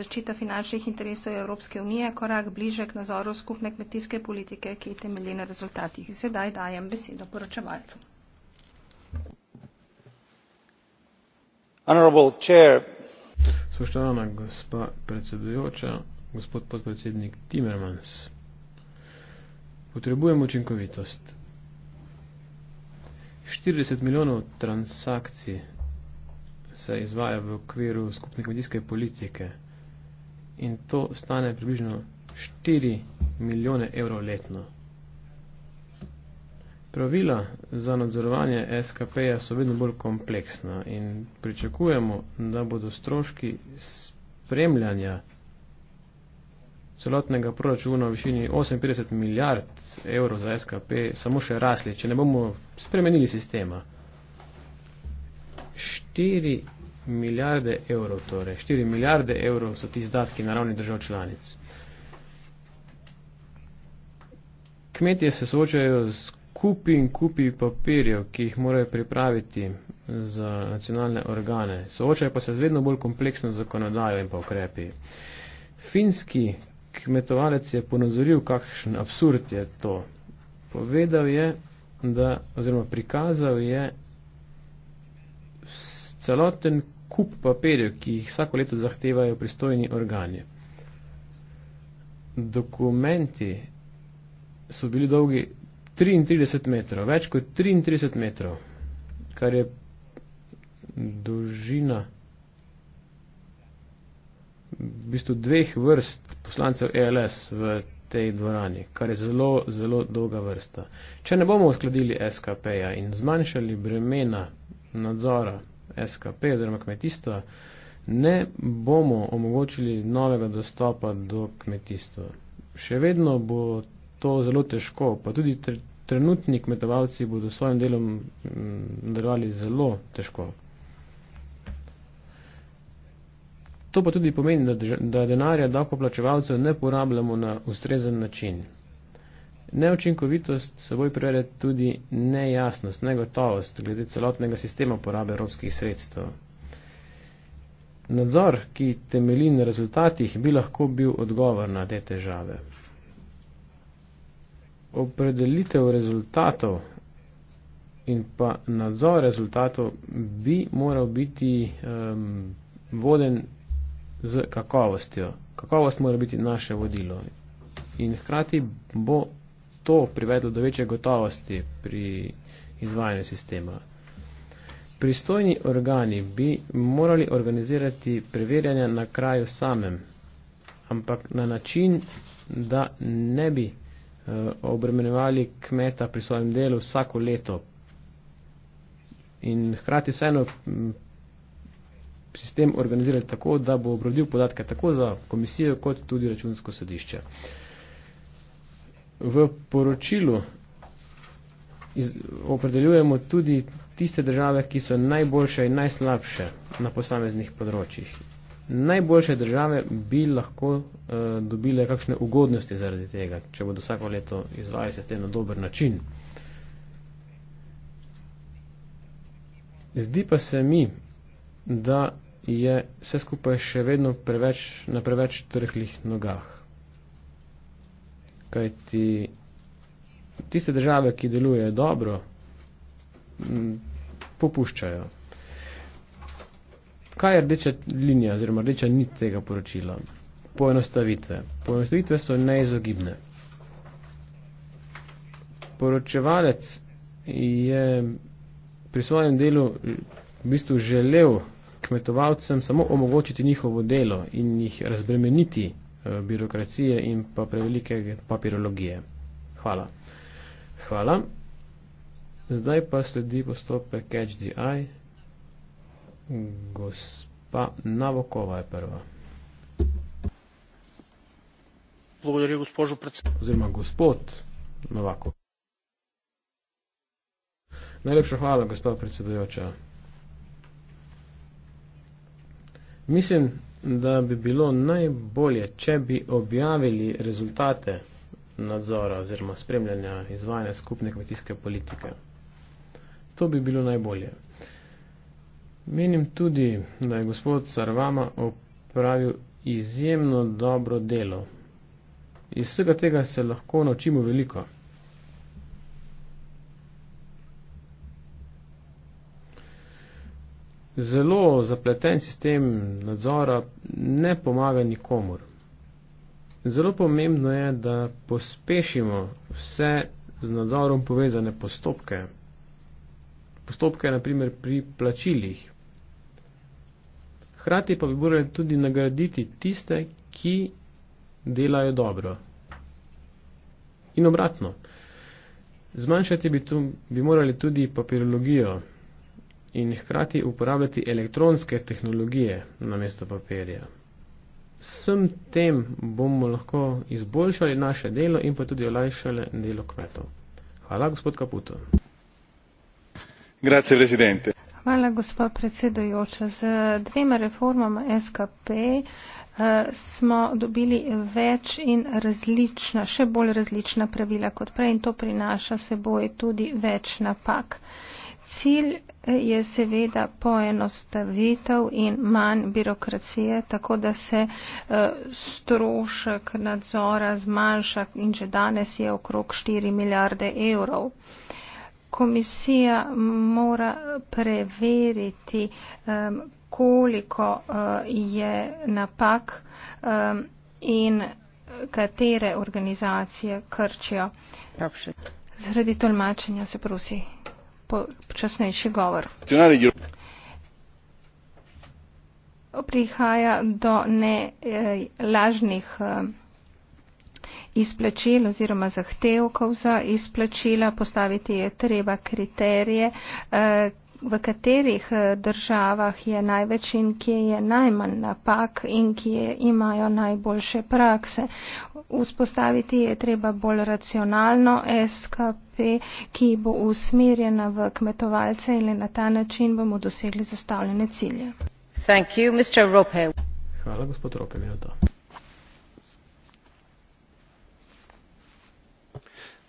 zaščita finančnih interesov Evropske unije korak bliže k nazoru skupne kmetijske politike, ki je temelji na rezultatih. Sedaj dajem besedo poročevalcu. Spoštovana gospa predsedujoča, gospod podpredsednik Timmermans, potrebujemo učinkovitost. 40 milijonov transakcij se izvaja v okviru skupne kmetijske politike in to stane približno 4 milijone evrov letno. Pravila za nadzorovanje SKP -ja so vedno bolj kompleksna in pričakujemo, da bodo stroški spremljanja celotnega proračuna v višini 58 milijard evrov za SKP samo še rasli, če ne bomo spremenili sistema. 4 milijarde evrov, torej 4 milijarde evrov so ti izdatki na ravni držav članic. Kmetje se soočajo z kupi in kupi papirjev, ki jih morajo pripraviti za nacionalne organe. Soočajo pa se z vedno bolj kompleksno zakonodajo in pa ukrepi. Finski kmetovalec je ponazoril, kakšen absurd je to. Povedal je, da, oziroma prikazal je, celoten kup papirjev, ki jih vsako leto zahtevajo pristojni organi. Dokumenti so bili dolgi 33 metrov, več kot 33 metrov, kar je dolžina v bistvu dveh vrst poslancev ELS v tej dvorani, kar je zelo, zelo dolga vrsta. Če ne bomo uskladili SKP-ja in zmanjšali bremena nadzora SKP oziroma kmetijstva, ne bomo omogočili novega dostopa do kmetijstva. Še vedno bo to zelo težko, pa tudi trenutni kmetovalci bodo s svojim delom mm, nadaljevali zelo težko. To pa tudi pomeni, da denarja davkoplačevalcev ne porabljamo na ustrezen način. Neučinkovitost seboj privede tudi nejasnost, negotovost glede celotnega sistema porabe evropskih sredstev. Nadzor, ki temelji na rezultatih, bi lahko bil odgovor na te težave. Opredelitev rezultatov in pa nadzor rezultatov bi moral biti um, voden z kakovostjo. Kakovost mora biti naše vodilo in hkrati bo to privedlo do večje gotovosti pri izvajanju sistema. Pristojni organi bi morali organizirati preverjanja na kraju samem, ampak na način, da ne bi uh, obremenjevali kmeta pri svojem delu vsako leto. In hkrati vseeno mm, sistem organizirati tako, da bo obrodil podatke tako za komisijo, kot tudi računsko sodišče. Uh, v poročilu iz, opredeljujemo tudi tiste države, ki so najboljše in najslabše na posameznih področjih. Najboljše države bi lahko uh, dobile kakšne ugodnosti zaradi tega, če bodo vsako leto izvajali se te na dober način. Zdi pa se mi, da je vse skupaj še vedno preveč, na preveč trhlih nogah kajti tiste države, ki delujejo dobro, popuščajo. Kaj je rdeča linija oziroma rdeča ni tega poročila? Poenostavitve. Poenostavitve so neizogibne. Poročevalec je pri svojem delu v bistvu želel kmetovalcem samo omogočiti njihovo delo in jih razbremeniti Eh, birokracije in pa prevelike papirologije. Hvala. Hvala. Zdaj pa sledi postopek Catch the Eye. Gospa Navokova je prva. Благодаря госпожо председател. Взема господ Новако. Най-лепша хвала, госпожо председател. Мислим, da bi bilo najbolje, če bi objavili rezultate nadzora oziroma spremljanja izvajanja skupne kmetijske politike. To bi bilo najbolje. Menim tudi, da je gospod Sarvama opravil izjemno dobro delo. Iz vsega tega se lahko naučimo veliko. Zelo zapleten sistem nadzora ne pomaga nikomor. Zelo pomembno je, da pospešimo vse z nadzorom povezane postopke. Postopke naprimer pri plačilih. Hrati pa bi morali tudi nagraditi tiste, ki delajo dobro. In obratno. Zmanjšati bi, tu, bi morali tudi papirologijo in hkrati uporabljati elektronske tehnologije namesto papirja. Vsem tem bomo lahko izboljšali naše delo in pa tudi olajšali delo kmetov. Hvala, gospod Kaputo. Grazie, presidente. Hvala, gospod predsedojoča. Z dvema reformama SKP eh, smo dobili več in različna, še bolj različna pravila kot prej in to prinaša seboj tudi več napak. Cilj eh, je seveda poenostavitev in manj birokracije, tako da se eh, strošek nadzora zmanjša in že danes je okrog 4 milijarde evrov. Komisija mora preveriti, koliko eh, je napak in katere organizacije krčijo. Zaradi tolmačenja se prosi počasnejši govor. Prihaja do ne eh, lažnih eh, izplačil oziroma zahtevkov za izplačila, postaviti je treba kriterije, eh, v katerih eh, državah je največ in kje je najmanj napak in kje imajo najboljše prakse. Vzpostaviti je treba bolj racionalno SKP, ki bo usmerjena v kmetovalce in na ta način bomo dosegli zastavljene cilje. Thank you, Mr. Rope. Hvala, gospod Rope, mi je to.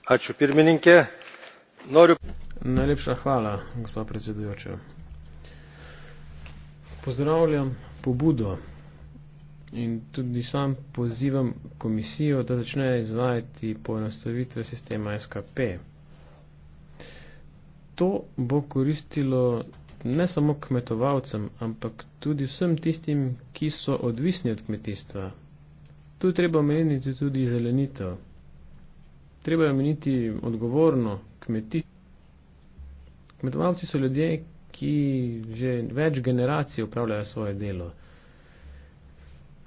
Ačiū pirmininkė. Noriu... Najlepša hvala, gospa predsedujoča. Pozdravljam pobudo in tudi sam pozivam komisijo, da začne izvajati poenostavitve sistema SKP. To bo koristilo ne samo kmetovalcem, ampak tudi vsem tistim, ki so odvisni od kmetijstva. Tu treba omeniti tudi zelenito. Treba omeniti odgovorno kmetijstvo. Kmetovalci so ljudje, ki že več generacij upravljajo svoje delo.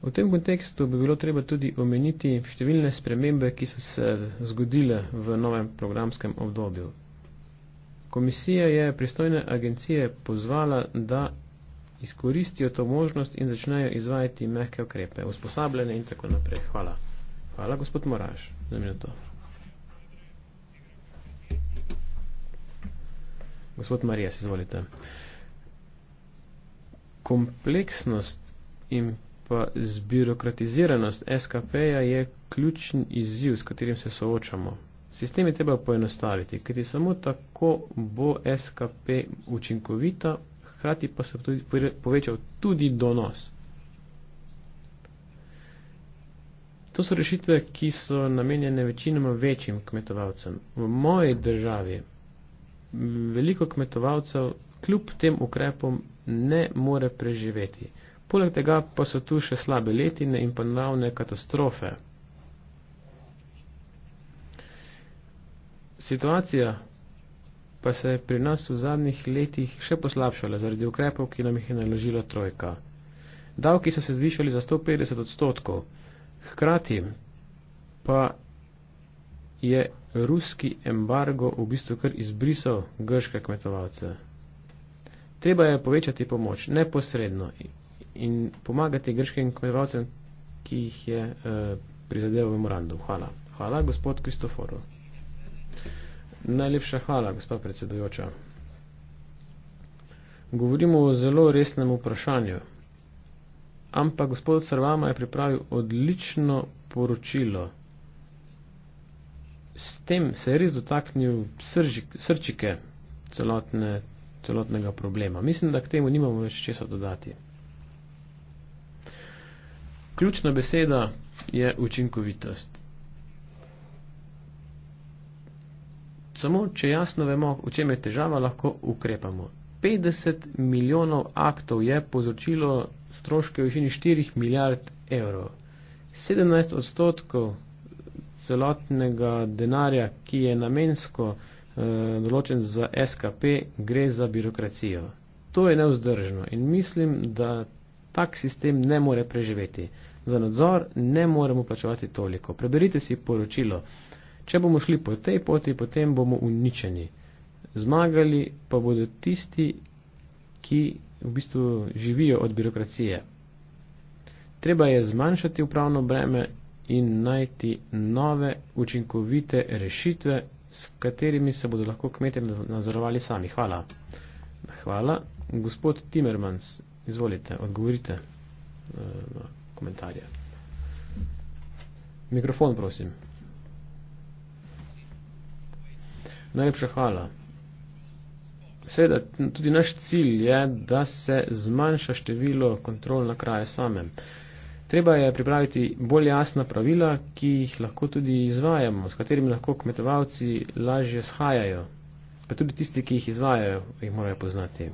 V tem kontekstu bi bilo treba tudi omeniti številne spremembe, ki so se zgodile v novem programskem obdobju. Komisija je pristojne agencije pozvala, da izkoristijo to možnost in začnejo izvajati mehke okrepe, usposabljene in tako naprej. Hvala. Hvala, gospod Moraš, za minuto. Gospod Marijas, izvolite. Kompleksnost in pa zbirokratiziranost SKP-ja je ključni izziv, s katerim se soočamo. Sistem je treba poenostaviti, kajti samo tako bo SKP učinkovita, hkrati pa se bo tudi povečal tudi donos. To so rešitve, ki so namenjene večinoma večjim kmetovalcem. V moji državi veliko kmetovalcev kljub tem ukrepom ne more preživeti. Poleg tega pa so tu še slabe letine in pa naravne katastrofe. Situacija pa se je pri nas v zadnjih letih še poslabšala zaradi ukrepov, ki nam jih je naložila trojka. Davki so se zvišali za 150 odstotkov, hkrati pa je ruski embargo v bistvu kar izbrisal grške kmetovalce. Treba je povečati pomoč neposredno in pomagati grškim kmetovalcem, ki jih je eh, prizadeval memorandum. Hvala. Hvala, gospod Kristoforo. Najlepša hvala, gospod predsedujoča. Govorimo o zelo resnem vprašanju, ampak gospod Srvama je pripravil odlično poročilo s tem se je res dotaknil srčike celotne, celotnega problema. Mislim, da k temu nimamo več česa dodati. Ključna beseda je učinkovitost. Samo, če jasno vemo, v čem je težava, lahko ukrepamo. 50 milijonov aktov je povzročilo stroške v višini 4 milijard evrov. 17 odstotkov celotnega denarja, ki je namensko eh, določen za SKP, gre za birokracijo. To je neuzdržno in mislim, da tak sistem ne more preživeti. Za nadzor ne moremo plačevati toliko. Preberite si poročilo. Če bomo šli po tej poti, potem bomo uničeni. Zmagali pa bodo tisti, ki v bistvu živijo od birokracije. Treba je zmanjšati upravno breme in najti nove učinkovite rešitve, s katerimi se bodo lahko kmetje nadzorovali sami. Hvala. Hvala. Gospod Timmermans, izvolite, odgovorite eh, na komentarje. Mikrofon, prosim. Najlepša hvala. Seveda, tudi naš cilj je, da se zmanjša število kontrol na kraje samem. Treba je pripraviti bolj jasna pravila, ki jih lahko tudi izvajamo, s katerimi lahko kmetovalci lažje shajajo, pa tudi tisti, ki jih izvajajo, jih morajo poznati.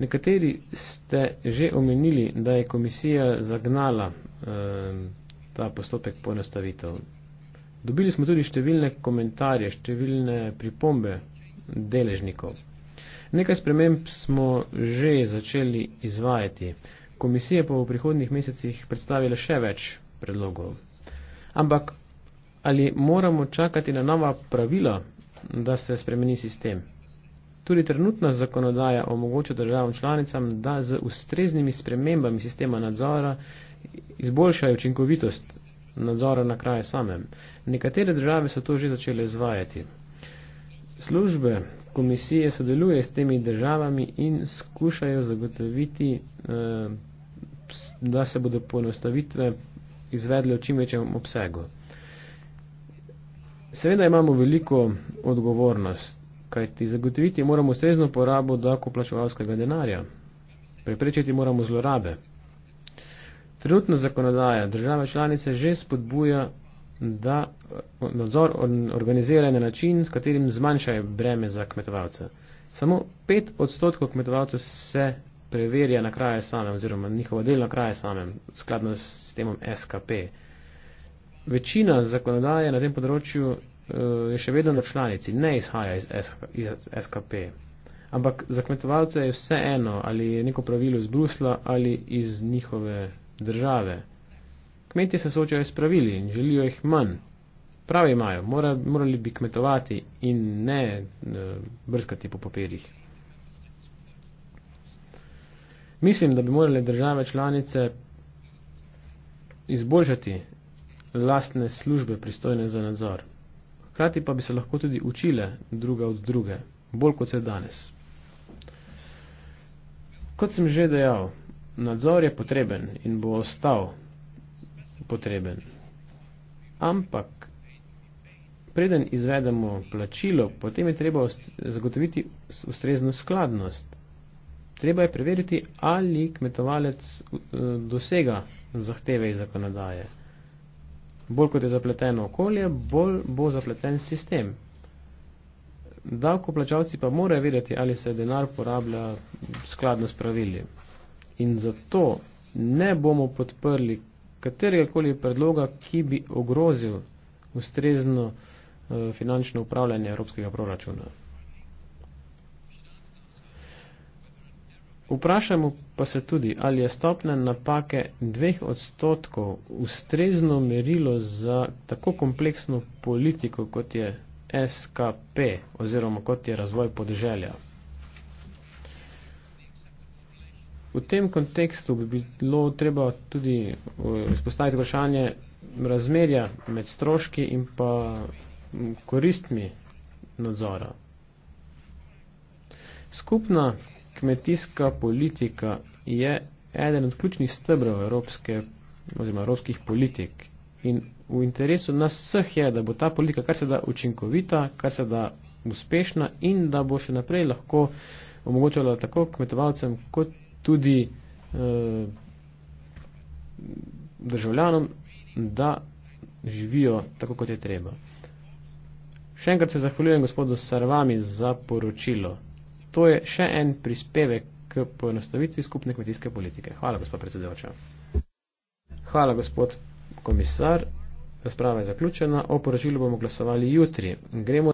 Nekateri ste že omenili, da je komisija zagnala eh, ta postopek poenostavitev. Dobili smo tudi številne komentarje, številne pripombe deležnikov. Nekaj sprememb smo že začeli izvajati. Komisija pa v prihodnih mesecih predstavila še več predlogov. Ampak ali moramo čakati na nova pravila, da se spremeni sistem? Tudi trenutna zakonodaja omogoča državam članicam, da z ustreznimi spremembami sistema nadzora izboljšajo učinkovitost nadzora na kraje samem. Nekatere države so to že začele izvajati. Službe komisije sodeluje s temi državami in skušajo zagotoviti eh, da se bodo poenostavitve izvedle v čim večjem obsegu. Seveda imamo veliko odgovornost, kajti zagotoviti moramo ustrezno porabo davkoplačevalskega denarja, preprečiti moramo zlorabe. Trenutna zakonodaja države članice že spodbuja, da nadzor organizira na način, s katerim zmanjšajo breme za kmetovalce. Samo 5 odstotkov kmetovalcev se preverja na kraju samem oziroma njihovo delo na kraju samem, skladno s sistemom SKP. Večina zakonodaje na tem področju uh, je še vedno na članici, ne izhaja iz, SK, iz SKP. Ampak za kmetovalce je vse eno, ali je neko pravilo iz Brusla ali iz njihove države. Kmetje se soočajo s pravili in želijo jih manj. Pravi imajo, Mora, morali bi kmetovati in ne uh, brskati po papirjih. Mislim, da bi morali države članice izboljšati lastne službe pristojne za nadzor. Hkrati pa bi se lahko tudi učile druga od druge, bolj kot se danes. Kot sem že dejal, nadzor je potreben in bo ostal potreben. Ampak, preden izvedemo plačilo, potem je treba zagotoviti ustrezno skladnost. Treba je preveriti, ali kmetovalec eh, dosega zahteve iz zakonodaje. Bolj kot je zapleteno okolje, bolj bo zapleten sistem. Davkoplačalci pa morajo vedeti, ali se denar porablja skladno s pravili. In zato ne bomo podprli kateregakoli predloga, ki bi ogrozil ustrezno eh, finančno upravljanje evropskega proračuna. Vprašamo pa se tudi, ali je stopnja napake dveh odstotkov ustrezno merilo za tako kompleksno politiko, kot je SKP oziroma kot je razvoj podeželja. V tem kontekstu bi bilo treba tudi eh, izpostaviti vprašanje razmerja med stroški in pa mm, koristmi nadzora. Skupna kmetijska politika je eden od ključnih stebrov evropske oziroma evropskih politik. In v interesu nas vseh je, da bo ta politika kar se da učinkovita, kar se da uspešna in da bo še naprej lahko omogočala tako kmetovalcem kot tudi eh, državljanom, da živijo tako, kot je treba. Še enkrat se zahvaljujem gospodu Sarvami za poročilo. To je še en prispevek k poenostavitvi skupne kmetijske politike. Hvala, gospod predsedevča. Hvala, gospod komisar. Razprava je zaključena. O poročilu bomo glasovali jutri. Gremo